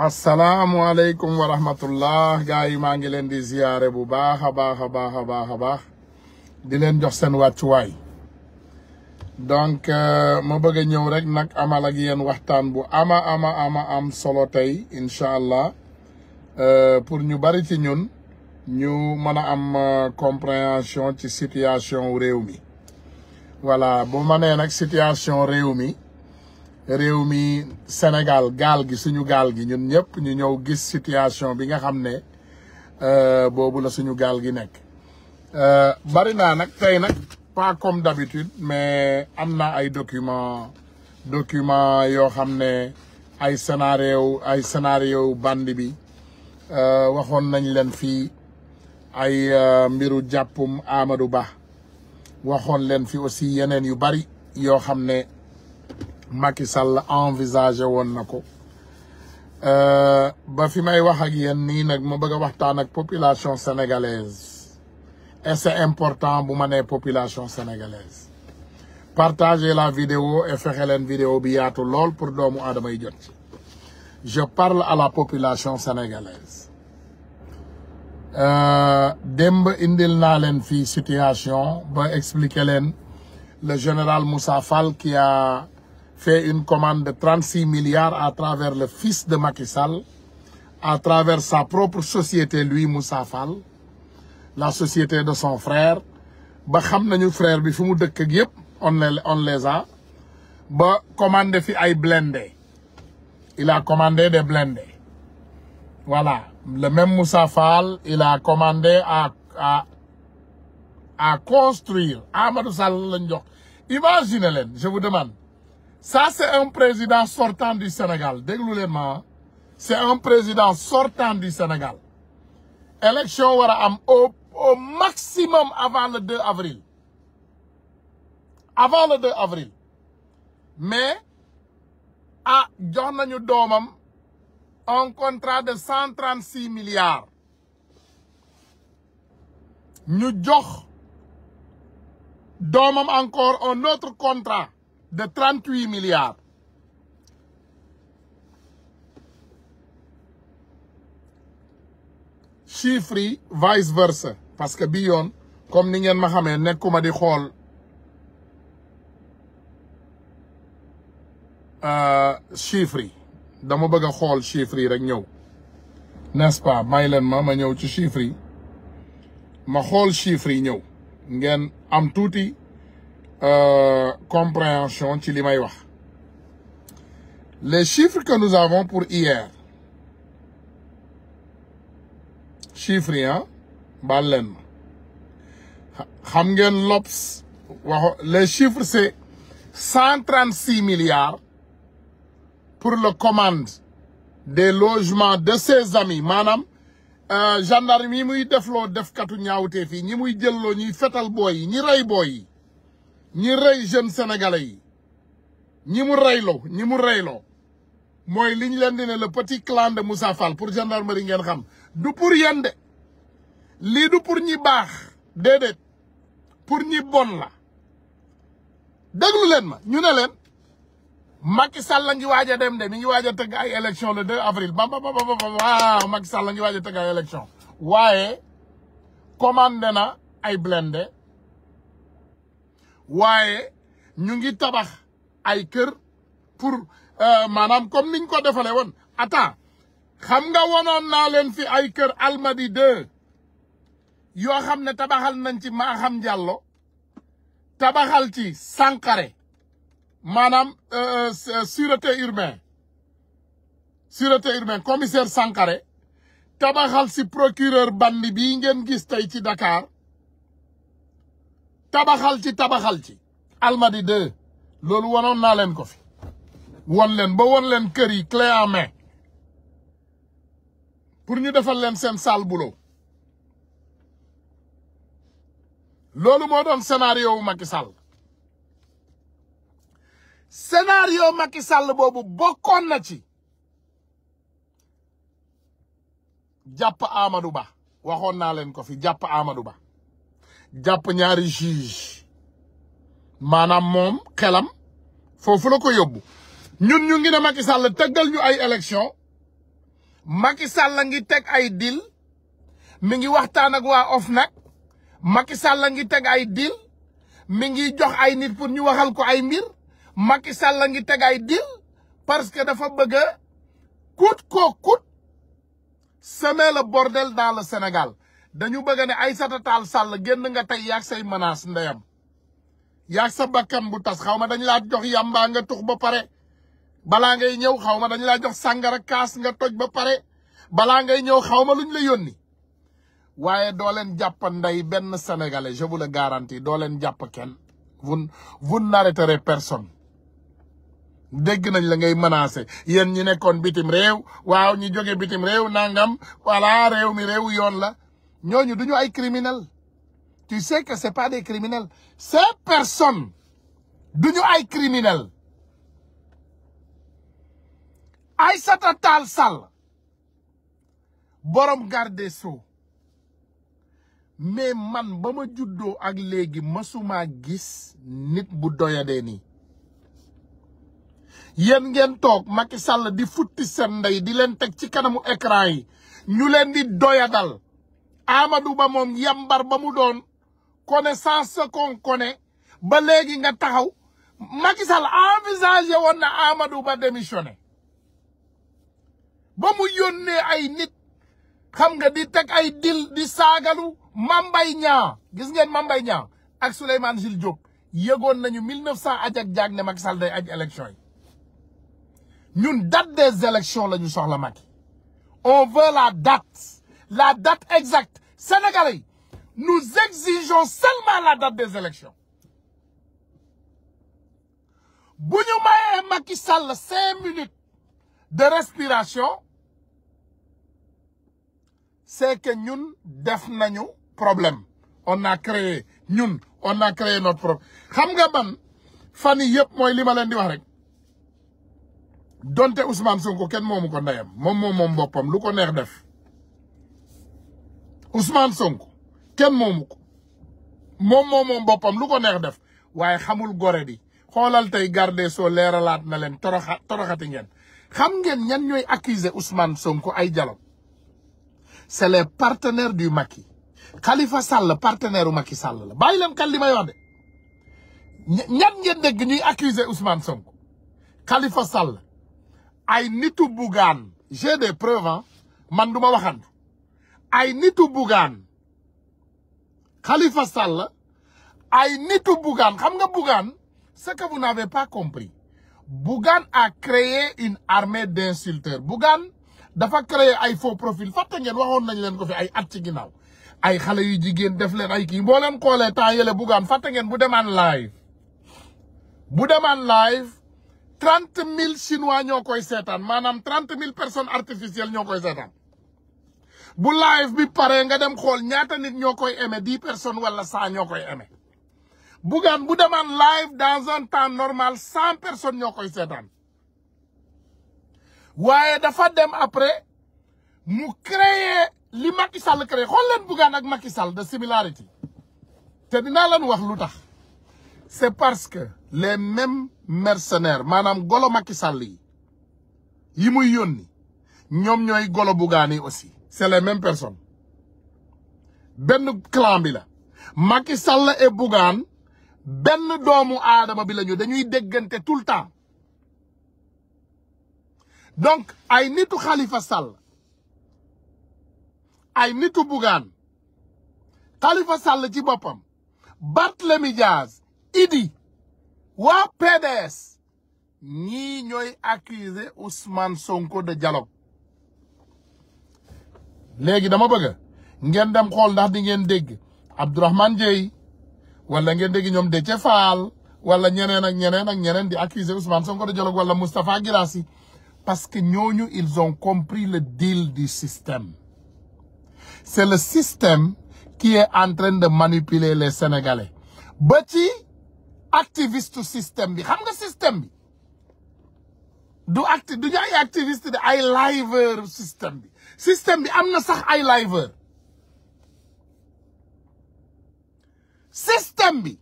asalaamualeykum wa rahmatullah gars yi maa ngi leen di ziyaare bu baax a baax a baax a baax a baax di leen jox seen wàccuwaay donc euh, ma bëgg ñëw rek nag amal ak yéen waxtaan bu ama ama ama am solo tey incha allah euh, pour ñu bari ci ñun ñu mën a am euh, compréhension ci situation réew mi wala bu ma nee nag situation réew mi réew mi Sénégal gaal gi suñu gaal gi ñun ñëpp ñu ñëw gis situation bi nga xam ne euh, boobu la suñu gaal gi nekk euh, bari naa nag tey nag pas comme d'habitude mais am na ay document document yoo xam ne ay scénario ay scénario band bi euh, waxoon nañ leen fii ay mbiru jàppum Amadou Ba waxoon leen fi aussi yeneen yu bari yoo xam ne Macky Sall envisagé woon na ko euh, ba fi may wax ak yéen nii nag ma bëgg a waxtaan ak population sénégalaise et c'est important bu ma nee population sénégalaise partage la vidéo et fexe leen vidéo bi yaatu lool pour doomu aadama yi jot ci je parle à la population sénégalaise euh, démb indil naa leen fii situation ba expliquer leen le général Moussa Fall qui a fait une commande de 36 milliards à travers le fils de Macky Sall, à travers sa propre société, lui, Moussa Fall, la société de son frère. ba xam nañu frère bi fi mu dëkk ak yëpp on le on les a ba commandé fi ay blende il a commandé des blindés voilà le même Moussa Fall il a commandé à à à construire Amadou Sall lañ jox imaginez leen je vous demande ça c'est un président sortant du Sénégal déglu leen ma c'est un président sortant du Sénégal élection war a am au au maximum avant le 2 avril avant le avril mais ah jox nañu doomam un contrat de 136 milliards ñu jox doomam encore un autre contrat de trente huit milliards chiffres yi parce que bi yoon comme ni ngeen ma xamee ma di xool euh, chiffres yi dama bëgg a xool chiffres yi rek ñëw n'est-ce pas leen ma ma ñëw ci chiffres yi ma xool chiffres yi ñëw ngeen am tuuti Euh, compréhension ci li may wax les chiffre que nous avons pour hier chiffres yi ah ma xam ngeen l'Obs wax les chiffres c'est cent trente six milliards pour le commande des logements de ses amis maanaam euh, gendarme yi muy defloo defkatu ñaawtee fii ñi muy jëlloo ñuy fetal booy yi ñi rey booy yi ñi rey jeune sénégalais yi ñi mu reyloo ñi mu reyloo mooy liñ leen di ne le petit clan de Moussa Fall pour gendarmerie ngeen xam du pour yéen de lii du pour ñi baax déedéet pour ñi bon la déglu leen ma ñu ne leen Macky Sall la ngi waaj a dem de mi ngi waaj a tëgg ay élection le 2 avril ba ba ba ba waaw Macky Sall la ngi waaj a tëgg ay élection waaye commandé na ay blindé waaye ñu ngi tabax ay kër pour euh, maanaam comme niñ ko defale woon attends xam nga wonoon naa leen fi ay kër almadi 2 yoo xam ne tabaxal nañ ci Maham Diallo tabaxal ci Sankare maanaam euh, euh, sûreté urbain sûreté urbain commissaire Sankare tabaxal si procureur bandi bii ngeen gis tey ci Dakar tabaxal ci tabaxal ci almadi 2 loolu wanoon naa leen ko fi won leen ba won leen kër yi clé en pour ñu defal leen seen sale boulot loolu moo doon scénario wu Macky Sall scénario Macky Sall boobu bokkoon na ci jàpp Amadou Ba waxoon naa leen ko fi jàpp Amadou Ba jàpp ñaari juge maanaam moom xelam foofu la ko yóbbu ñun ñu ngi ne Macky Sall tëggal ñu ay élection Macky Sall ngi teg ay dil mi ngi waxtaan ak waa OFNAC Macky Sall ngi teg ay deal mi ngi jox ay nit pour ñu waxal ko ay mbir Macky Sall ngi teg ay deal parce que dafa bëgg a coûte que coûte semer le bordel dans le Sénégal dañu bëgg ne ay Tall Sall génn nga tey yaag say menace ndeyam yaag sa bakkan bu tas xaw ma dañ laa jox yàmbaa nga tux ba pare balaa ngay ñëw xaw ma dañ laa jox sàngara kaas nga toj ba pare balaa ngay ñëw xaw ma luñ la yónni waaye doo leen jàpp nday benn sénégalais je vous le garantis doo leen jàpp kenn vous vous n'arrêterez personne dégg nañ la ngay menacé yéen ñi nekkoon bitim réew waaw ñi jóge bitim réew nangam voilà réew mi réew yoon la ñooñu du ñu ay criminel tu sais que c'est pas des criminels ces personnes du ñu ay criminel Aïssata Tall Sall borom garde des Sceaux mais man ba ma juddoo ak léegi mësuma gis nit bu doyadee nii yéen ngeen toog Macky Sall di futti seen ndey di leen teg ci kanamu écran yi ñu leen di doyadal Amadou Ba moom yambar ba mu doon connaissance ce ba léegi nga taxaw Macky Sall envisagé woon na Amadou Ba démissionné ba mu yónnee ay nit xam nga di teg ay dil di saagalu Mambay Niang gis ngeen Mambay Niang ak Souleymane Jules Diop yëgoon nañu 1900 aj ak jaag ne Macky Sall day aj élection yi ñun date des élections la soxla Macky on veut la la date exacte sénégalais yi nous exigeons seulement la date des élections bu ñu mayee Macky Sall cinq minutes de respiration c'est que ñun def nañu problème on a créé ñun on a créé notre problème xam nga ban fan yii yëpp mooy li ma leen di wax rek donte Ousmane Sonko kenn moomu ko ndeyam moom moom moom lu ko neex def. Ousmane Sonko kenn moomu moom moom moom boppam lu ko neex def waaye xamul gore di xoolal tey garde soo leeralaat na leen toroxa toroxati ngeen xam ngeen ñan ñooy accuser Ousmane Sonko ay dialogue c'est les partenaires du Macky Khalifa Sall partenaire u Macky Sall la bàyyi leen kan li may wax de ñan ngeen dégg ñuy accuser Ousmane Sonko Khalifa Sall ay nitu bugaan j'ai des preuves man du ma waxantu ay nitu bugaan Khalifa Sall ay bu bugaan xam nga bugaan ce que vous n'avez pas compris bugaan a créé une armée bu bugaan dafa créé ay faux profil fàtte ngeen waxoon nañ leen ko fi ay at ci ginnaaw ay xale yu jigéen def leen ay kii boo leen xoolee temps bu bugaan fàtte ngeen bu demaan live bu demaan live trente mille chinois ñoo koy seetaan maanaam trente mille personnes artificielles ñoo koy seetaan bu live bi pare nga dem xool ñaata nit ñoo koy aimé dix personnes wala cent ñoo koy aimé Bougane bu demaan live dans un temps normal cent personnes ñoo koy seetaan waaye dafa dem après mu créer li Macky Sall créé xool leen Bougane ak Macky Sall de similarité te dinaa leen wax lu tax c'est parce que les mêmes mercenaires maanaam golo Macky Sall yi yi muy yónni ñoom ñooy golo Bougane yi aussi c'est les mêmes personnes benn clan bi la Macky Sall a Bougane benn doomu aadama bi lañu dañuy déggante tout le temps donc ay nitu Khalifa Sall ay nitu Bougane Khalifa Sall ci boppam Barthélemy Diaz Idi waa PDS ñii ñooy accuser Ousmane Sonko de dialogue léegi dama bëgg ngeen dem xool ndax di ngeen dégg Abdourahmane Dieye wala ngeen dégg ñoom Déthié Fall wala ñeneen ak ñeneen ak ñeneen di accuser Ousmane Sonko de dialogue wala Moustapha Guirassy parce que ñooñu ils ont compris le deal di système c'est le système qui est en de manipuler les Sénégalais ba ci activiste système bi xam nga système bi du acti du ñu ay activiste de ay liveur système bi système bi am na sax ay liveur système bi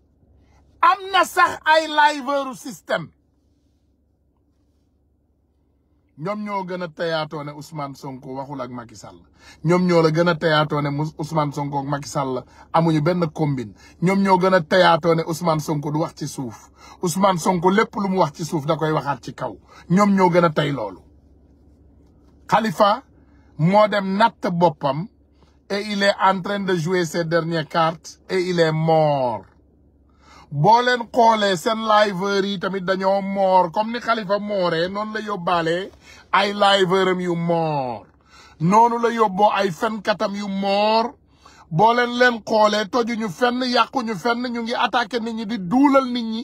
am na sax ay liveuru système ñoom ñoo gën a teyaatoo ne Ousmane Sonko waxul ak Macky Sall ñoom ñoo la gën a teyaatoo ne Ousmane Sonko maki Macky Sall amuñu benn combine ñoom ñoo gën a teyaatoo ne Ousmane Sonko du wax ci suuf Ousmane Sonko lépp lu mu wax ci suuf da koy waxaat ci kaw ñoom ñoo gën a tey loolu Khalifa moo dem natt boppam et il est en train de jouer ses dernières cartes et il est mort boo leen xoolee seen liveur yi tamit dañoo moor comme ni Khalifa mooree noonu la yóbbaale ay liveuram yu moor noonu la yóbboo ay fenkatam yu moor boo leen leen xoolee tojuñu fenn yàquñu fenn ñu ngi attaqué nit di duulal nit ñi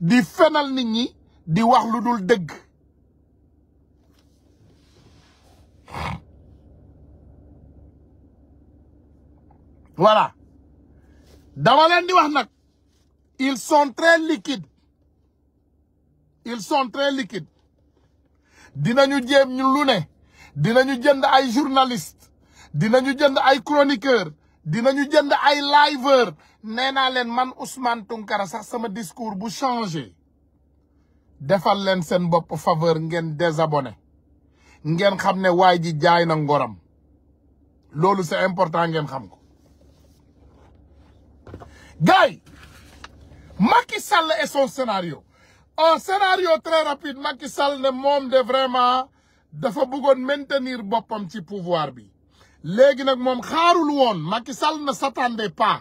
di fenal nit ñi di wax lu dul dëgg voilà dama leen di wax nag ils sont très liquides ils sont très liquides dinañu jéem ñu lu ne dinañu jënd ay journaliste dinañu jënd ay chroniqueur dinañu jënd ay liveur nee naa leen man Ousmane Tounkara sax sama discours bu changé defal leen seen bopp faveur ngeen désabonné ngeen xam ne waay ji jaay na ngoram loolu c'est important ngeen xam ko gars yi Macky Sall et son scénario un scénario très rapide Macky Sall ne moom de vraiment dafa bëggoon maintenir boppam ci pouvoir bi léegi nag moom xaarul woon Macky sal na s'attendait pas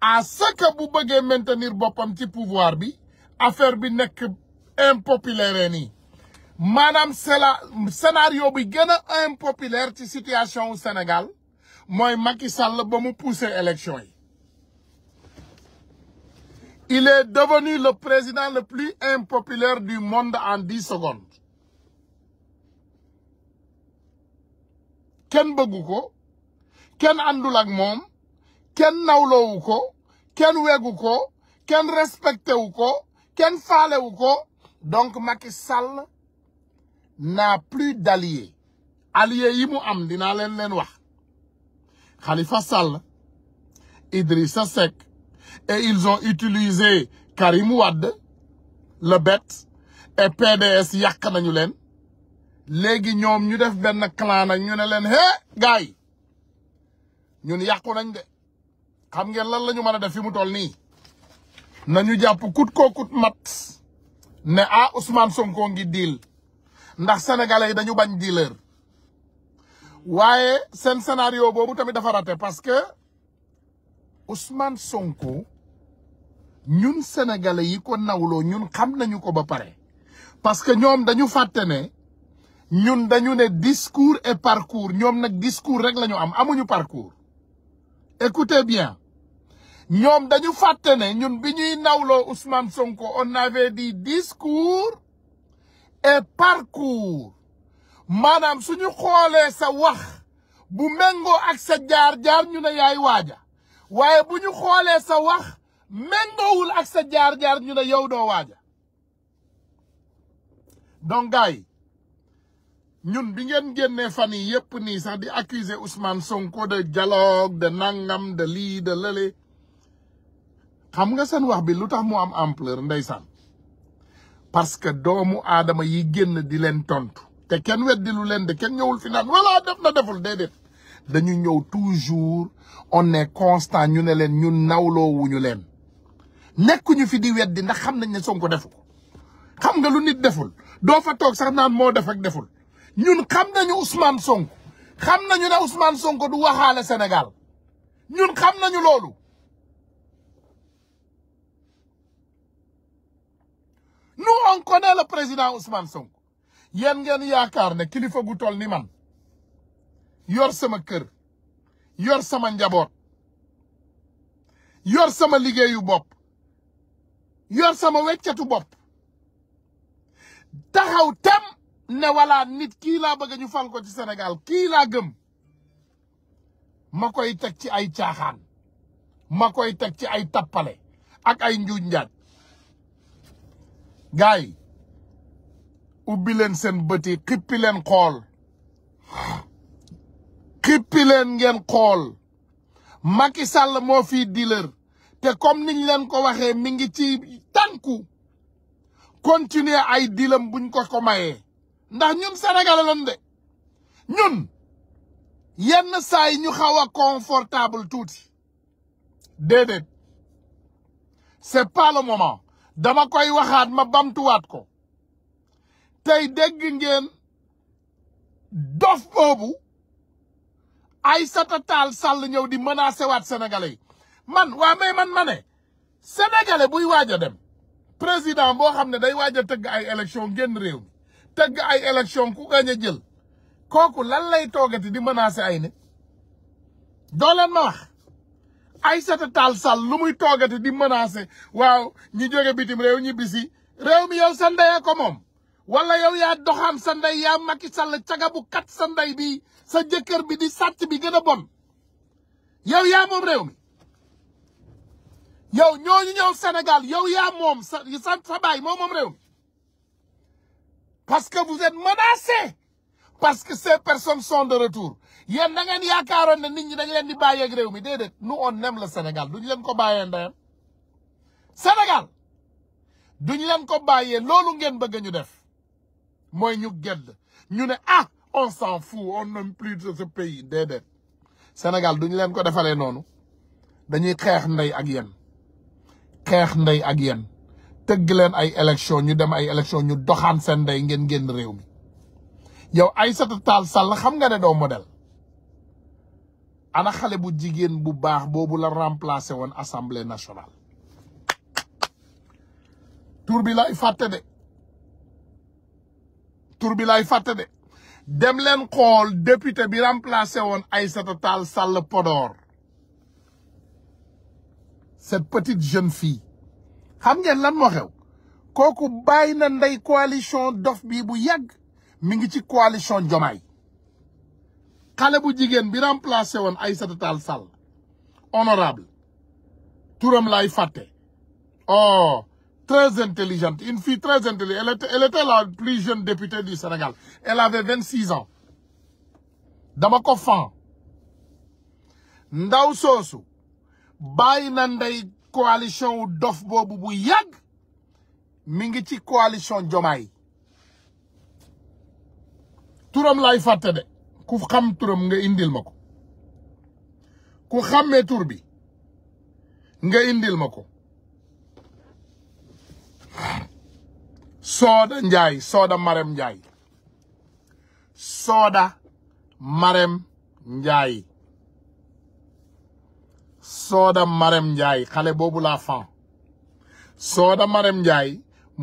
à ce que bu bëggee maintenir boppam ci pouvoir bi affaire bi nekk impopulaire nii maanaam c'est la bi gën a impopulaire ci situation wu Sénégal mooy Macky Sall ba mu poussé élection yi il est devenu le président le plus impopulaire du monde en dix kenn bëggu ko kenn àndul ak moom kenn nawloowu ko kenn wegu ko kenn respecté wu ko kenn faalewu ko donc Macky Sall n'a plus d'alliés alliés yi mu am dinaa leen leen wax Khalifa Sall Idrissa Seck et ils ont utilisé Karim Wade le bête et PDS yàq nañu leen léegi ñoom ñu def benn clan nag ñu ne leen hé gars yi ñun yàqu nañ de xam ngeen lan lañu ñu mën a def fi mu toll nii nañu jàpp kut kookut mat ne ah Ousmane Sonko ngi diil ndax sénégalais yi dañu bañ dealer waaye seen scénario boobu tamit dafa raté parce que Ousmane Sonko ñun sénégalais yi ko nawloo ñun xam nañu ko ba pare parce que ñoom dañu fàtte ne ñun dañu ne discours et parcours ñoom nag discours rek la am amuñu parcours écoutez bien ñoom dañu fàtte ne ñun bi ñuy nawloo Ousmane Sonko on avait dit discours et parcours maanaam suñu xoolee sa wax bu mengoo ak sa jaar-jaar ñu ne yaay waaja waaye buñu xoolee sa wax méngoowul ak sa jaar-jaar ñu ne yow doo waaja donc ñun bi ngeen génnee fan yi yëpp nii sax di accuser Ousmane Sonko de dialogue de nangam de lii de lële xam nga seen wax bi lu tax mu am ampleur ndeysaan parce que doomu aadama yi génn di leen tontu te kenn weddi lu leen de kenn ñëwul fi naan voilà def na deful déedéet dañu ñëw toujours on est constant ñu ne leen ñun nawloowuñu leen nekkuñu fi di weddi ndax xam nañ ne Sonko defu ko xam nga lu nit deful doo fa toog sax naan moo def ak deful ñun xam nañu Ousmane Sonko xam nañu ne Ousmane Sonko du waxaale Sénégal ñun xam nañu loolu nous on connaît le président Ousmane Sonko yéen ngeen yaakaar ne kilifa gu toll ni man yor sama kër yor sama njaboot yor sama liggéeyu bopp yor sama weccatu bopp taxaw tem ne wala nit kii laa bëgg ñu fal ci Sénégal kii laa gëm ma koy teg ci ay caaxaan ma koy teg ci ay tappale ak ay njuuj gars yi ubbi seen bët yi xippi xool xippi ngeen xool Macky Sall moo fii dealer te comme niñ leen ko waxee mi ngi ci tànku continuer ay dilam buñ ko ko mayee ndax ñun Sénégal lan de ñun yenn saa ñu xaw a confortable tuuti déedéet c'est pas le moment dama koy waxaat ma bamtuwaat ko tey dégg ngeen dof boobu Aïssata Tall Sall ñëw di menacé waat sénégalais yi man waa mais man ma ne sénégalais buy waaj a dem président boo xam ne day waaj a tëgg ay élection génn réew mi tëgg ay élection ku gañ a jël kooku lan lay toogati di menacé ay nit doo ma wax Aïssata Tall sal lu muy toogati di menacer waaw ñu jóge bitim réew ñibbi si réew mi yow sa ko moom wala yow yaa doxaan sa yaa Macky Sall cagabu kat sa ndey bi sa jëkkër bi di sàcc bi gën a bon yow yaa moom réew mi yow ñooñu ñëw Sénégal yow yaa moom sa sa baay moom moom réew mi parce que vous êtes menacés parce que ces personnes sont de retour yéen da ngeen yaakaaroon ne nit ñi dañ leen di bàyyeeg réew mi déedéet nous on aime la Sénégal duñ leen ko bàyyee ndeyam Sénégal duñ leen ko bàyyee loolu ngeen bëgg ñu def mooy ñu gedd ñu ne ah on s'en fout on n'aime plus de déedéet Sénégal duñ leen ko defalee noonu dañuy xeex ndey ak yéen xeex ndey ak yéen tëgg leen ay élection ñu dem ay élection ñu doxaan seen ndey ngeen génn réew mi yow Aïssata Tall Sall xam nga ne doo modèle ana xale bu jigéen bu baax boobu la remplacer woon assemblée nationale tour bi lay fàtte de tur bi laay fàtte de dem leen xool député bi remplacer woon Aïssata Tall Sall Podor cette petite jeune fille xam ngeen lan moo xew kooku bàyyi na ndey coalition dof bii bu yàgg mi ngi ci coalition Jomaay xale bu jigéen bi remplacé woon ay Tall sal honorable turam laay fàtte oh très intelligente une fille très intelligente elle était elle était la plus jeune députée du Sénégal elle avait vingt six dama ko fan ndaw soosu bàyyi na ndey coalition wu dof boobu bu yàgg mi ngi ci coalition Jomaay turam laay fàtte de ku xam turam nga indil ma ko ku xàmmee tur bi nga indil ma ko Soda Njaay Soda Marem Njaay Soda Marem Njaay Soda Marem Njaay xale boobu laa fan Soda Marem Njaay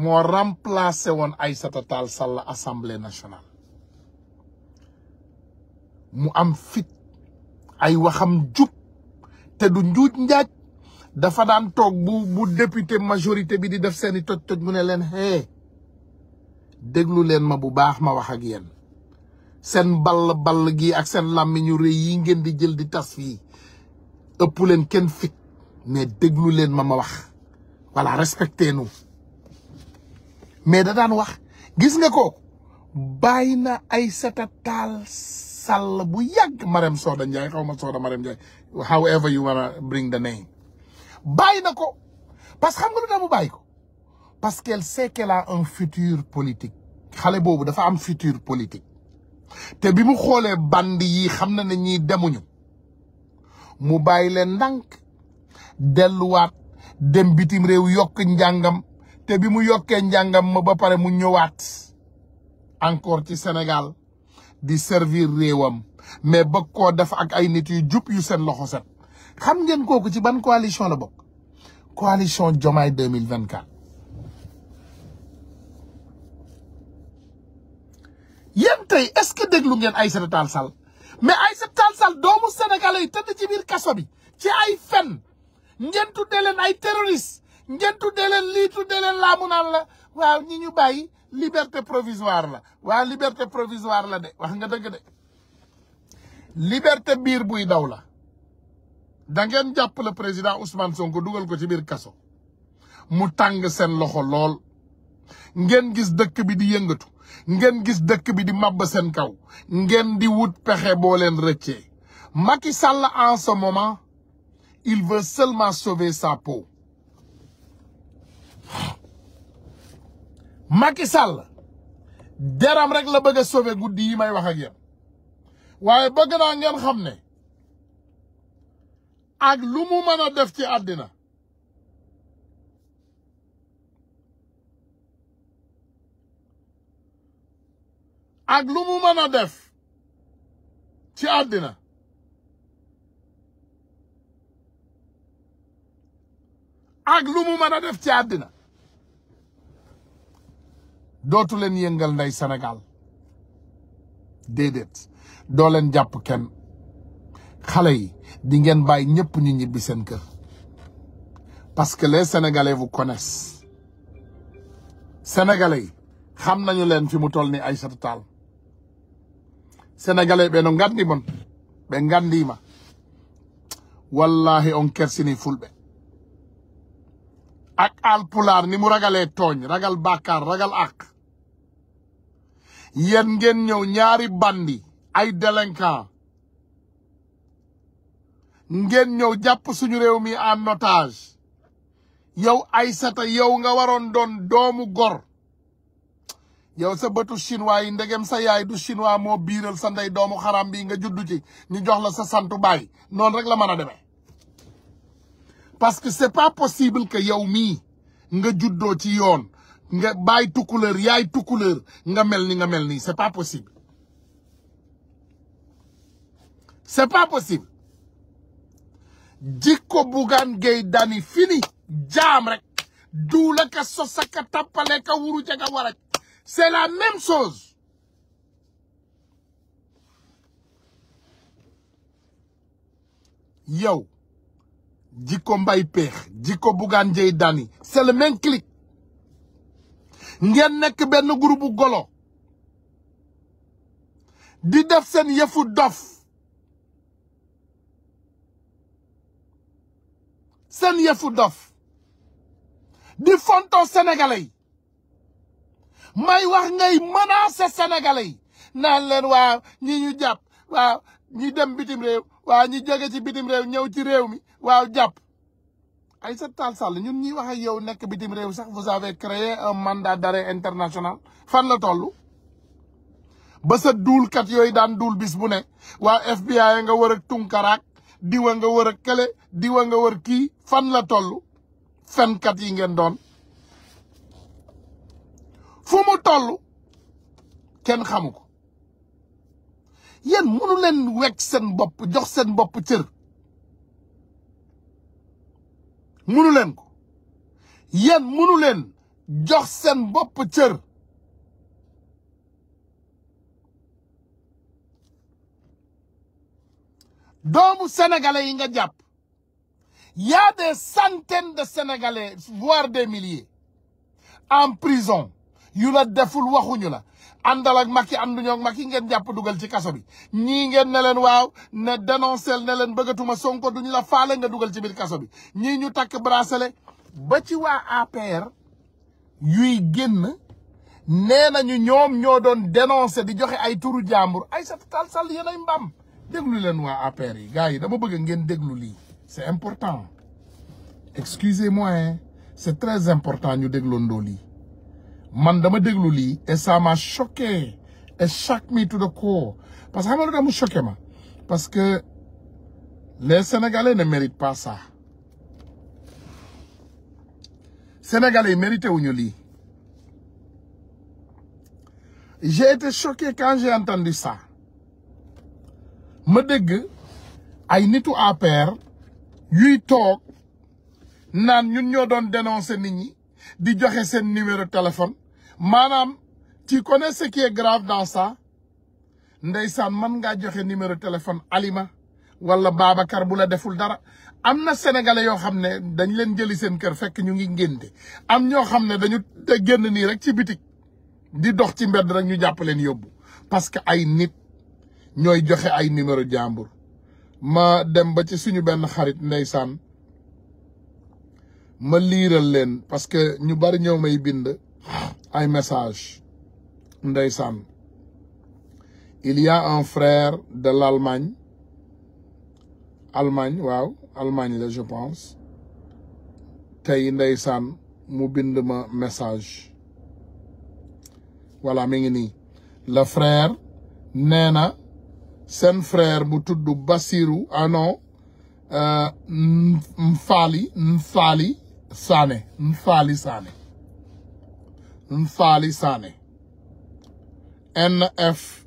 moo remplacé woon ay Tall Sall Assemblée nationale mu am fit ay waxam jub te du njuuj njaaj dafa daan toog bu bu député majorité bi di def seeni toj toj mu ne leen hee déglu leen ma bu baax ma wax ak yéen seen ball ball gi ak seen làmmiñu rëy yi ngeen di jël di tas fii ëpp leen kenn fit mais déglu leen ma ma wax voilà respecté nu mais da daan wax gis nga ko bàyyi na ay sata taal Sall bu yàgg Marème Soda Ndiaye xaw ma Soda Marème Ndiaye however you wanna bring the name bàyyi na ko parce que xam nga lu tax mu bàyyi ko parce qu'elle sait qu'elle a un futur politique xale boobu dafa am futur politique te bi mu xoolee band yi xam na na ñiy demuñu mu bàyyi leen ndank delluwaat dem bitim réew yokk njàngam te bi mu yokkee njàngam ma ba pare mu ñëwaat encore ci Sénégal di servir réewam mais bëgg koo def ak ay nit yu jub yu seen loxo set xam ngeen kooku ci ban coalition la bokk coalition Diomaye 2024 yéen tey est-ce que déglu ngeen ay Tall Sall mais ay Tall Sall doomu sénégalais yi tëdd ci kaso bi ci ay fen ngeen tuddee leen ay terroriste ngeen tuddee leen lii tuddee leen laamu naan la waaw ñi ñu bàyyi liberté provisoire la waa liberté provisoire la de wax nga dëgg de liberté biir buy daw la da ngeen jàpp le président Ousmane Sonko dugal ko ci biir kaso mu tàng seen loxo lool ngeen gis dëkk bi di yëngatu ngeen gis dëkk bi di màbb seen kaw ngeen di wut pexe boo leen rëccee Macky Sall en ce moment il veut seulement sauver sa peau Macky Sall deram rek la bëgg a sauver guddi yi may wax waaye bëgg naa ngeen xam ne ak lu mu mën def ci àddina ak lu mu mën a def ci àddina ak lu mu mën a def ci àddina dootu leen yëngal ndey Sénégal déedéet doo leen jàpp kenn xale yi di ngeen bàyyi ñëpp ñu ñibbi seen kër parce que les Sénégalais vous connaissent Sénégalais yi xam nañu leen fi mu toll ni ay Tall Sénégalais ɓe no nganndi mon ɓe nganndiima wallahi on kersini fulɓe ak alpulaar ni mu ragalee tooñ ragal bàkkaar ragal àq yéen ngeen ñëw ñaari bandi ay délinquant ngeen ñëw jàpp suñu réew mii en otage yow Aysata yow nga waroon doon doomu gor yow sa bëtu chinois yi ndegem sa yaay du chinois moo biiral sa ndey doomu xaram bi nga juddu ci ñi jox la sa santu baay noonu rek la mën a deme parce que c'est pas possible que yow mii nga juddoo ci yoon nga bàyyi yay yaay nga mel ni nga mel ni c'est pas possible c'est pas possible jikko Bougane Gueye Dany fini jaam rek duula ka sosa ka tappale ka wuru ca c'est la même chose yow jikko mbay peex jikko Bougane Gueye Dany c'est le même clic ngeen nekk benn groupe golo di def seen yëfu dof seen yëfu dof di fonto sénégalais yi may wax ngay menacer sénégalais yi naan leen waaw ñi ñu jàpp waaw ñi dem bitim réew waaw ñi jóge ci bitim réew ñëw ci réew mi waaw jàpp ay sa Tall Sall ñun ñuy wax ak yow nekk bitim réew sax vous avez créé un mandat d'arrêt international fan la toll ba sa duulkat yooyu daan duul bis bu ne waa FBI nga wër ak tunkaraak diwa nga wër ak kële diwa nga kii fan la toll fenkat yi ngeen doon fu mu toll kenn xamu ko yéen wek leen seen bopp jox seen bopp cër munu leen ko yéen munu jox seen bopp cër doomu sénégalais yi nga jàpp y a des centaines de sénégalais voire des milliers en prison yu la deful waxuñu la àndal ak Macky ànduñoo ak Macky ngeen jàpp dugal ci kaso bi ñii ngeen ne leen waaw ne dénoncel ne leen bëggatuma Sonko duñu la faale nga dugal ci biir kaso bi ñii ñu takk bracelet ba ci waa APR yuy génn nee nañu ñoom ñoo doon dénoncé di joxe ay turu ay Aïssata Tall Sall yéen ay mbaam déglu leen waa APR yi gars yi dama bëgg ngeen déglu lii c'est important excusez-moi hein c'est très important ñu dégloon lii man dama déglu lii et ça m'a choqué et shock me to the parce que xam nga lu mu choqué ma parce que les sénégalais ne méritent pas ça sénégalais yi mérité wuñu lii j'ai été choqué quand j'ai entendu ça ma dégg ay nitu APR yuy toog naan ñun ñoo doon dénoncer niñi di joxe seen numéro téléphone maanaam tu connais ce qui est grave dans ndeysaan man ngaa joxe numéro téléphone Alima walla Babacar bu la deful dara am na sénégalais yoo xam ne dañ leen jëli seen kër fekk ñu ngi ngénte am ñoo xam ne dañu génn nii rek ci bitik di dox ci mbedd rek ñu jàpp leen yóbbu parce que ay nit ñooy joxe ay numéro jàmbur ma dem ba ci suñu benn xarit ndeysaan ma leen parce que ñu bari ñëw may bind ay message ndeysaan il y un frère de l'Allemagne Allemagne waaw Allemagne la je pense tey ndeysaan mu bind ma message voilà mi ngi nii le frère nee na seen frère bu tudd Basirou ah non Mfali euh, Mfali Sané Nfaali Sané Nfaali Sané NF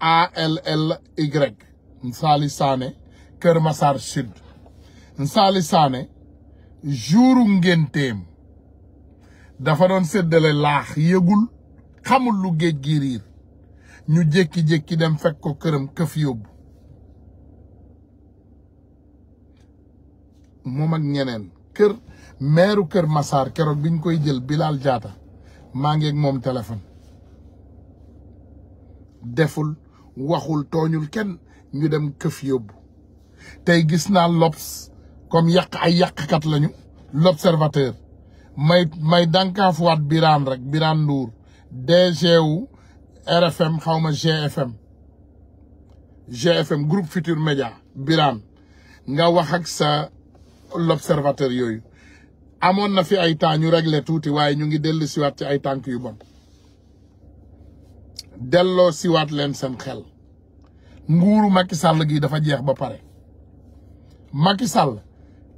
ALLY Nsaali Sané Kër Massar Sud Nsaali Sané jouru ngénteem dafa doon séddale laax yëgul xamul lu géej gi riir ñu jékki-jékki dem fekk ko këram këf yóbbu moom ak ñeneen kër meeru kër Massar keroog bi ñu koy jël bilaal Diatta maa ngi moom téléphone deful waxul tooñul kenn ñu dem këf yóbbu tey gis naa lobs comme yàq ay yàqkat lañu l'observateur may may dànkaafuwaat Birane rek Birane Ndour DG wu RFM xawma GFM GFM groupe Futur Média Birane nga wax sa l'observateur yooyu amoon na fi ay temps ñu régler tuuti waaye ñu ngi dellu siwaat ci ay tànk yu bon delloo siwaat leen seen xel nguuru Macky Sall gi dafa jeex ba pare Macky Sall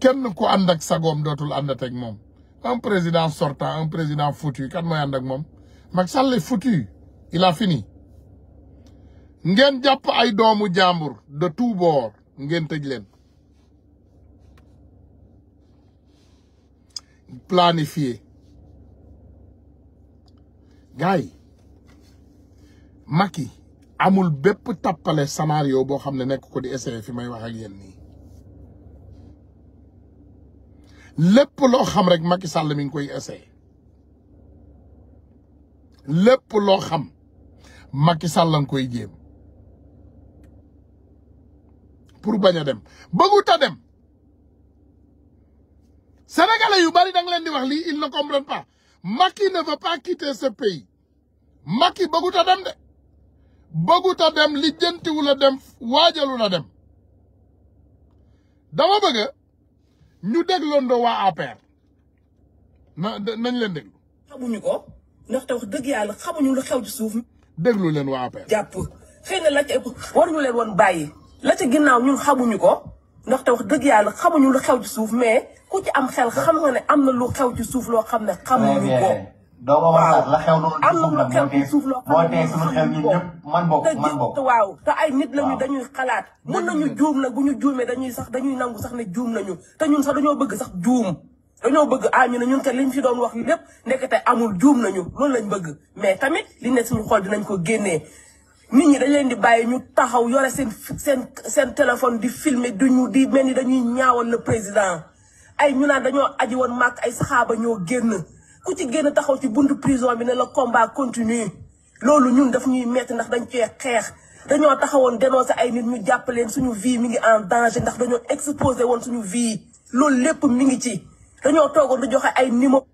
kenn ko ànd ak sagoom dootul teg moom un président sortant un président foutu kan mooy ànd ak moom Macky Sall est foutu il a ngeen jàpp ay doomu jàmbur de tout bord ngeen tëj leen planifié gars yi amul bépp tappale scénario boo xam ne nekk ko di essayé fi may wax ak yéen nii lépp loo xam rek Macky Sall mi ngi koy essayé lépp loo xam makki Sall la koy jéem pour bañ a dem bëggut a dem sénégalais yu bari da nga leen di wax lii ils ne comprennent pas Macky ne veut pas quitter ce pays Macky bëggut a dem de bëggut a dem lijjantiwu la dem waajalu la dem dama bëgg ñu dégloondoo waa APR na nañ leen déglu. xamuñu ko ndaxte wax dëgg yàlla xamuñu lu xew ci suuf. déglu leen waa APR. jàpp xëy na la ca waruñu leen woon bàyyi la ca ginnaaw ñun xamuñu ko. ndaxte wax dëgg yàlla xamuñu lu xew ci suuf mais ku ci am xel xam nga ne am na lu xew ci suuf loo xam ne xamuñu ko. waaw am na lu xew ci suuf loo xam ne xamuñu ko te gis waaw te ay nit lañu dañuy xalaat mën nañu juum nag bu ñu juumee dañuy sax dañuy nangu sax ne juum nañu te ñun sax dañoo bëgg sax juum dañoo bëgg ah ñu ne ñun te liñ fi doon wax lépp ndekete amul juum nañu loolu lañ bëgg mais tamit li ne suñu xol dinañ ko génnee nit ñi dañ leen di bàyyi ñu taxaw yore seen seen seen téléphone di filmer duñu di mel ni dañuy ñaawal le président ay ñu naan dañoo aji woon màkk ay saxaaba ñoo génn ku ci génn taxaw ci buntu prison bi ne la combat continue loolu ñun daf ñuy metti ndax dañ cee xeex dañoo taxawoon dénoncé ay nit ñu jàpp leen suñu vie mi ngi en danger ndax dañoo exposé woon suñu vie loolu lépp mi ngi ci dañoo toogoon di joxe ay numéro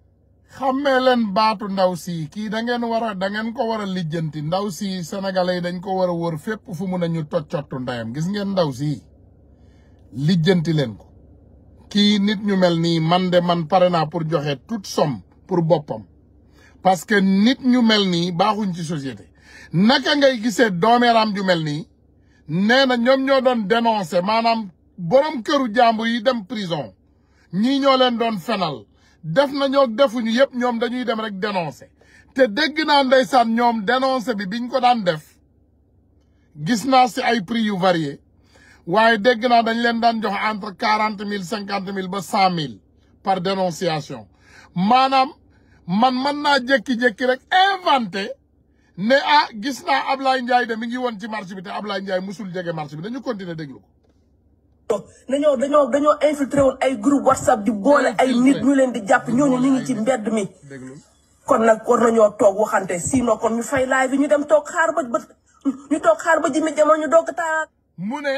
xammee leen baatu ndaw si kii da ngeen war a da ko war a lijjanti ndaw si sénégalais yi dañ ko war a wër fépp fu mun a ñu toccottu ndayam gis ngeen ndaw si lijjanti leen ko kii nit ñu mel nii man de man pare naa pour joxe toute somme pour boppam parce que nit ñu mel nii baaxuñ ci société naka ngay gisee doomeeraam ju mel nii nee na ñoom ñoo doon dénoncé maanaam borom këru jàmbur yi dem prison ñii ñoo leen doon fenal def nañoo defuñu yëpp ñoom dañuy dem rek dénoncer te dégg naa ndeysaan ñoom dénoncer bi biñ ko daan def gis naa si ay prix yu varié waaye dégg naa dañ leen daan jox entre quarante mille cinquante mille ba cent mille par dénonciation maanaam man man naa jékki-jékki rek inventé ne a ah, gis naa Ablaye Ndiaye de mi ngi woon ci marché bi te Ablaye Ndiaye musul jege marché bi dañu continuer déglu ko dañoo dañoo dañoo infiltré woon ay groupe whatsapp di boole ay nit ñu leen di jàpp ñooñu ñu ngi mbedd mi. kon nag war nañoo toog waxante sinon kon ñu fay live bi dem toog xaar ba ba ñu xaar ba ji mi jamono ñu doog taa. mu ne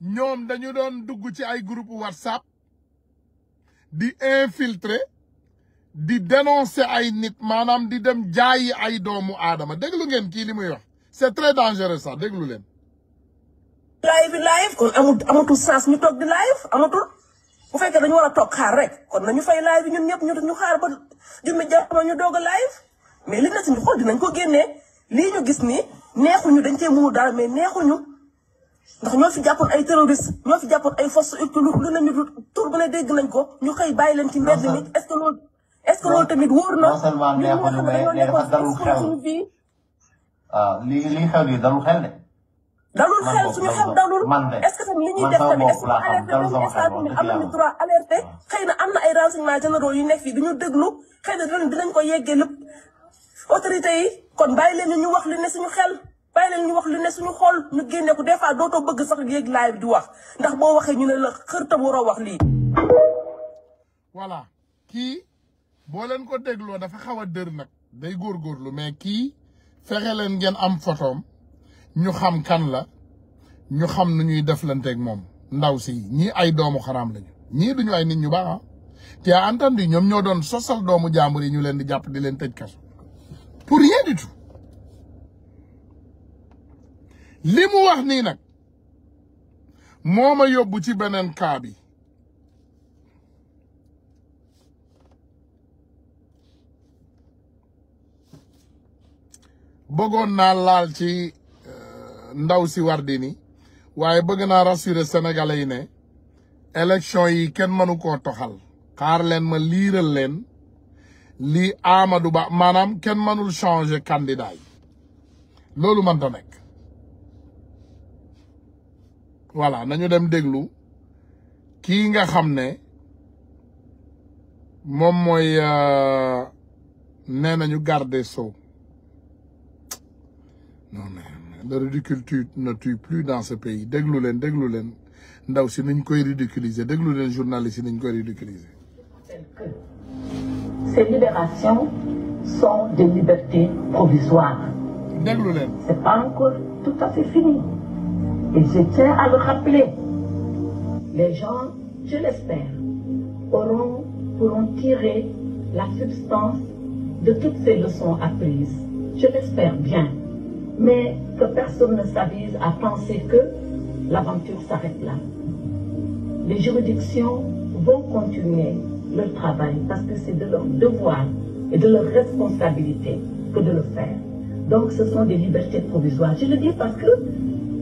ñoom dañu doon dugg ci ay groupe whatsapp di infiltré di dénoncé ay nit maanaam di dem jaayi ay doomu aadama déglu ngeen kii li muy wax c'est très dangereux sax déglu leen. live yi live kon amul amatul sens ñu toog di live amatul bu fekkee dañu war a toog xaar rek kon nañu fay live yi ñun ñëpp ñu ñu xaar ba junne jamono ñu doog a live mais li des ñu xool dinañ ko génnee lii ñu gis nii neexuñu dañ cee mënul dara mais neexuñu ndax ñoo fi jàppoon ay terroriste ñoo fi jàppoon ay force ut lu lu nañu tur bu ne dégg nañ ko ñu xëy bàyyi leen ci mbedd mi est-ce que loolu est-ce que loolu tamit wóor na. non seulement neexuñu mais dafa dalul xel waaw lii lii xew lii dalul xel de. dalul xel suñu xel dalul est-ce que tamit li ñuy def tamit est-ce que alerté nañu instant bi am nañu droit alerté xëy na am na ay renseignements généraux yu nekk fii du ñu déglu xëy na dinañ ko yeggee lépp autorité yi kon bàyyi leen ñu wax li ne suñu xel bàyyi leen ñu wax li ne suñu xol ñu génne ko des doo dootoo bëgg sax yéeg laay du wax ndax boo waxee ñu ne la xër tam waroo wax lii. voilà kii boo leen ko dégloo dafa xaw a dër nag day góorgóorlu mais kii fexe leen ngeen am photoom ñu xam kan la ñu xam nu ñuy deflanteeg moom ndaw si ñii ay doomu xaraam lañu ñii duñu ay nit ñu baax ah te à entendu ñoom ñoo doon sosal doomu jàmbur yi ñu leen di jàpp di leen tëj kaso pour rien du tout li mu wax nii nag moo yóbbu ci beneen kaabi bëggoon naa laal ci ndaw si war di ni waaye bëgg naa rassurer sénégalais yi ne élection yi kenn mënu koo toxal xaar ma liiral leen lii Amadou Ba maanaam kenn mënul changer candidat yi loolu mënta nekk voilà nañu dem déglu kii nga xam ne moom mooy euh, nee nañu garde soo le ridicule tue, ne tue plus dans ce pays déglu leen déglu leen ndaw si niñ koy ridiculiser déglu leen journaliste niñ koy ridiculiser. ces libérations sont des libertés provisoires. déglu c'est pas encore tout à fait fini. et je à le rappeler. les gens je l'espère auront pourront tirer la substance de toutes ces leçons apprises je l'espère bien. mais que personne ne s'abuse à penser que l'aventure s'arrête là. Les juridictions vont continuer leur travail parce que c'est de leur devoir et de leur responsabilité que de le faire. Donc ce sont des libertés provisoires. Je le dis parce que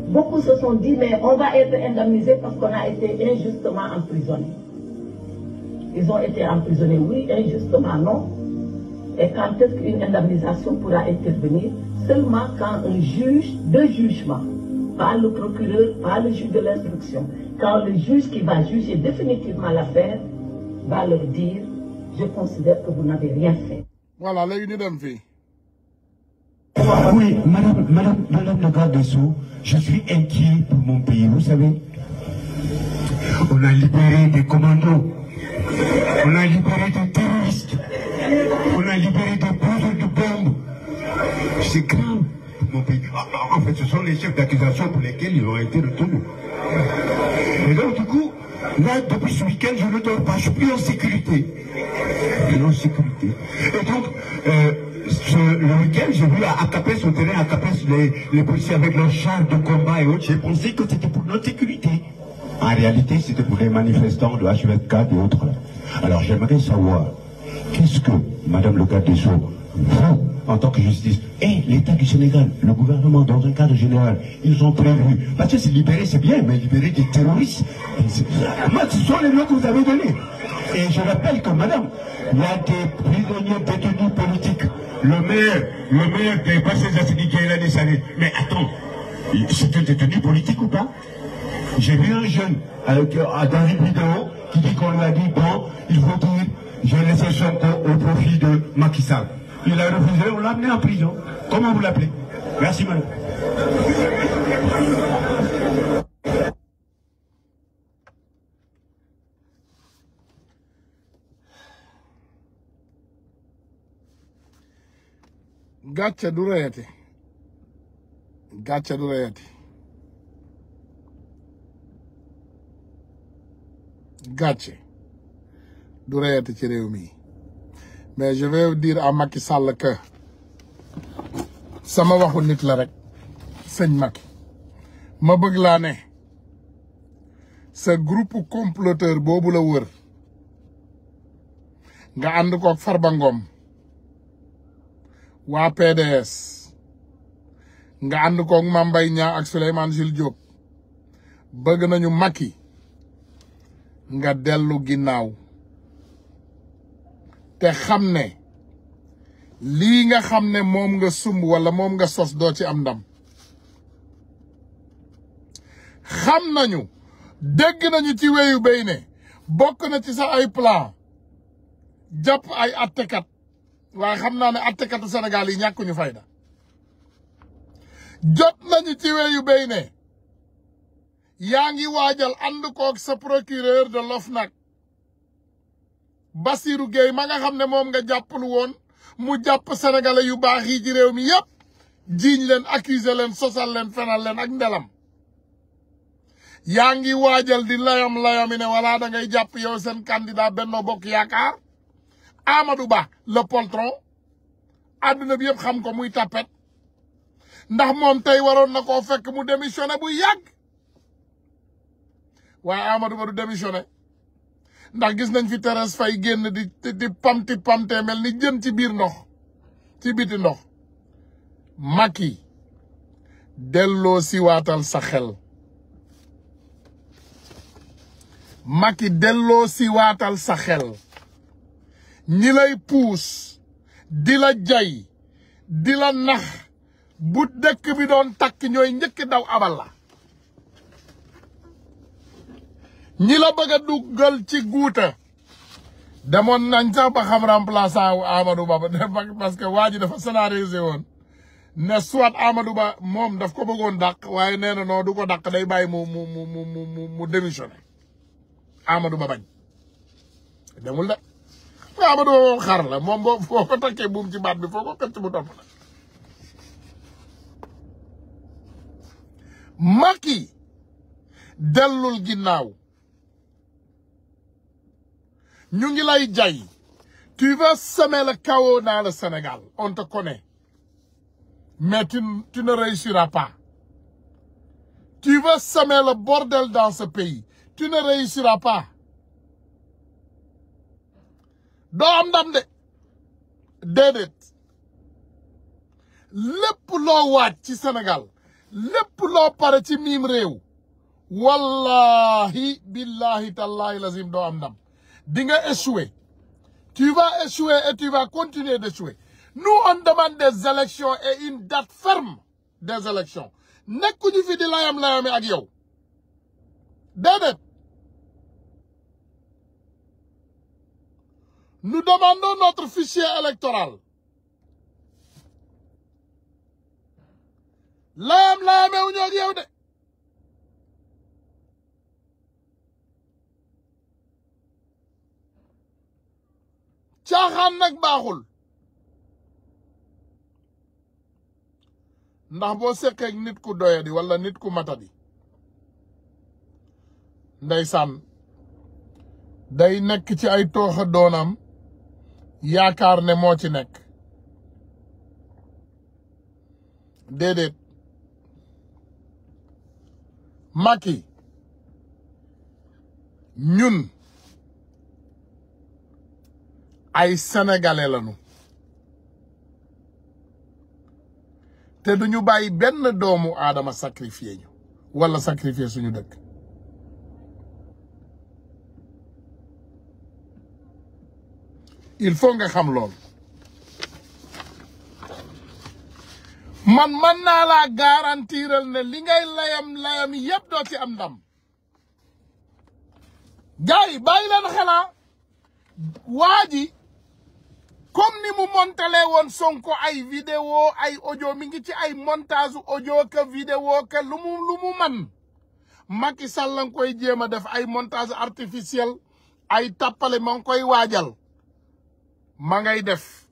beaucoup se sont dit, mais on va être indemnisé parce qu'on a été injustement emprisonné. Ils ont été emprisonnés, oui, injustement, non. Et quand est-ce qu'une indemnisation pourra intervenir seulement quand un juge de jugement, pas le procureur, pas le juge de l'instruction, quand le juge qui va juger définitivement l'affaire va leur dire, je considère que vous n'avez rien fait. Voilà, là, une dame fille. Oui, madame, madame, madame le garde des Sceaux, je suis inquiet pour mon pays, vous savez. On a libéré des commandos, on a libéré des terroristes, on a libéré des C'est grave pour mon pays. Ah, ah, en fait, ce sont les chefs d'accusation pour lesquels ils ont été retenus. Et donc, du coup, là, depuis ce week-end, je ne dors pas. Je suis en sécurité. Et en sécurité. Et donc, euh, ce, le week-end, j'ai vu à Acapes, au terrain, Acapes, les, les policiers avec leurs chars de combat et autres. J'ai pensé que c'était pour notre sécurité. En réalité, c'était pour les manifestants de H24 et autres. Alors, j'aimerais savoir, qu'est-ce que, Madame le garde des Sceaux, vous, en tant que justice. Et l'État du Sénégal, le gouvernement, dans un cadre général, ils ont prévu. Parce que c'est libérer, c'est bien, mais libérer des terroristes, moi, sont les lois vous avez données. Et je rappelle que, madame, il a des prisonniers détenus politiques. Le maire, le maire des Bassés Assini qui est là des salés. Mais attends, c'est un détenu ou pas J'ai vu un jeune avec, euh, dans vidéo qui dit qu'on lui a dit, bon, il faut Il a refusé, on l'a amené en prison. Comment vous l'appelez Merci madame. gàcce du reyati gàcce du reyati gàcce du reyati ci réew mi mais je vais dire à Macky Sall sama waxu nit la rek sëñ Macky ma bëgg laa ne sa groupe comploteur boobu la wër nga ànd ko Farba Ngom waa PDS nga ànd ko Mame Mbaye Niang ak Souleymane Jules Diop bëgg nañu Macky nga dellu ginnaaw te xam ne lii nga xam ne moom nga sumb wala moom nga sos doo ci am ndam xam nañu dégg nañu ci wéyu béy ne bokk na ci sax ay plan jàpp ay attekat waaye xam naa ne attekatu senegal yi ñàkkuñu fayda jot nañu ci wéyu béy ne yaa ngi waajal ànd koog sa procureur de l'OFNAC Bassirou Gueye ma nga xam ne moom nga jàppalu woon mu jàpp sénégalais yu baax yi ci réew mi yépp jiiñ leen accuser leen sosal leen fenal leen ak ndelam yaa ngi waajal di layam layami ne wala dangay ngay jàpp yow seen candidat Benno Bokk Yaakaar Amadou Ba le poltron àdduna bi yëpp xam ko muy tapet ndax moom tey waroon na koo fekk mu démissionné bu yàgg waaye Amadou Ba du démissionné ndax gis nañ fi Thérèse Faye génn di di pamti pamtee mel ni jën ci biir ndox ci biti ndox Macky delloo siwaatal sa xel Macky delloo siwaatal sa xel ñi lay puus di la jay di la nax bu dëkk bi doon takk ñooy njëkk daw abal la ñi la bëgg duggal ci guuta demoon nañ sax ba xam remplaçant wu Amadou Ba parce que waa ji dafa scénarisé woon ne soit Amadou Ba moom daf ko bëggoon dàq waaye nee na ko dàq day bàyyi mu mu mu mu mu mu démissionné Amadou Ba bañ demul de Amadou Ba moom xar moom boo foo ko takkee buum ci baat bi foo ko xëcc mu topp la Macky dellul ginnaaw ñu ngi lay jay tu veux semer le chaos la le Sénégal on te connaît mais tu, tu ne réussiras pas bordel dans pays tu ne réussiras pas doo am ndam de déedéet lépp loo waaj ci senegal lépp loo pare ci miim réew wallahi billahi tallahi lazim doo am ndam di nga échouer tu vas échouer et tu vas continuer d'échouer nous on demande des élections et une date ferme des élections nekkuñu fi di layam-layame ak yow déedéet nous demandons notre fichier électoral layam-layame wu ñoo ak yow de caaxaan nag baaxul ndax boo seqee nit ku doyadi wala nit ku matadi ndeysaan day nekk ci ay tooxa doonam yaakaar ne moo ci nekk déedéet Macky ñun ay sénégalais lañu te ñu bàyyi benn doomu aadama sacrifier ñu wala sacrifier suñu dëkk il faut nga xam loolu man mën naa laa garantiral ne li ngay layam layam yëpp doo ci am ndam gars bàyyi leen xelaa ah. waa comme ni mu montalee woon Sonko ay vidéo ay audio mi ngi ci ay montage audio que vidéo que lu mu lu mu man Macky Sall la nga koy jéem a def ay montage artificiel ay tappale ma ngi koy waajal ma ngay def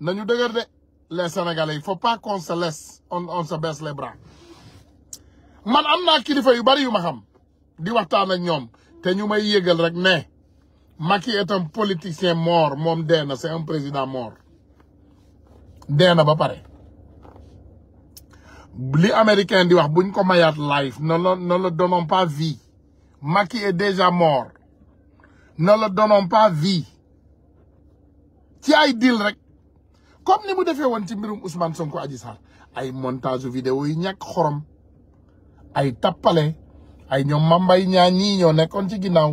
nañu dëgër de les sénégalais il faut pas qu'on se laisse on on se baisse les bras man am naa kilifa yu bari yu ma xam di waxtaan ñoom te ñu may yëgal rek ne Macky est un politicien mort moom deena na c'est président mort dee na ba pare li américain di wax buñ ko mayaat life ne la ne le donnons pas vie Macky est déjà mort ne le pas vie ci ay deal rek comme ni mu defee woon ci mbirum Ousmane Sonko Adji Sarr ay montage vidéo yi ñàkk xorom ay tappale ay ñoom mambay ñaa ñii ñoo nekkoon ci ginnaaw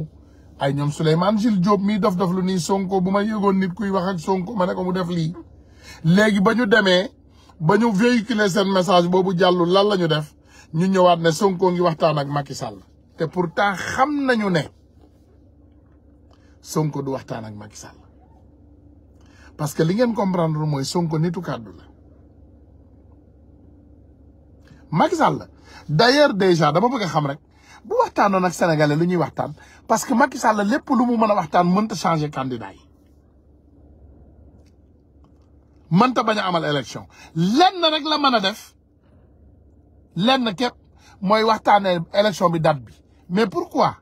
ay ñoom Souleymane Jules Diop mii dof dof lu nii Sonko bu ma yëgoon nit kuy wax ak Sonko ma ne ko mu def lii léegi ba ñu demee ba ñu véhiculer seen message boobu jàllul lan la ñu def ñu ñëwaat ne Sonko ngi waxtaan ak Macky Sall te pourtant xam nañu ne Sonko du waxtaan ak Macky Sall parce que li ngeen comprendre mooy Sonko nitu kàddu la Macky Sall d'ailleurs déjà dama bëgg a xam rek bu waxtaanoon ak sénégalais lu ñuy waxtaan parce que Macky Sall lépp lu mu mën a waxtaan mënta changer candidat yi mënta bañ a amal élection lenn rek la mën a def lenn képp mooy waxtaanee élection bi date bi mais pourquoi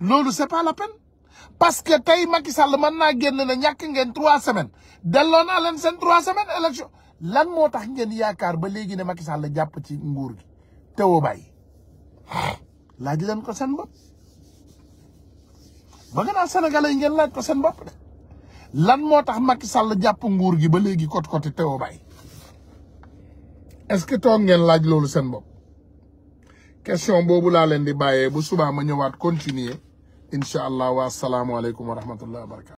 loolu c'est pas la peine parce que tey Macky Sall mën naa génn na ñàkk ngeen trois semaines delloo naa leen seen trois semaines élection lan moo tax ngeen yaakaar ba léegi ne Macky Sall jàpp ci nguur gi te woo bàyyi laaj leen ko sen bopp ba nga naa sénégalais yi ngeen laaj ko seen bopp de lan moo tax Macky Sall jàpp nguur gi ba léegi kot koti te bàyyi est-ce que toog ngeen laaj loolu seen bopp question boobu laa leen di bàyyee bu subaa ma ñëwaat continuer incha allah wa salaamualeykum wa rahmatullah wa barakatu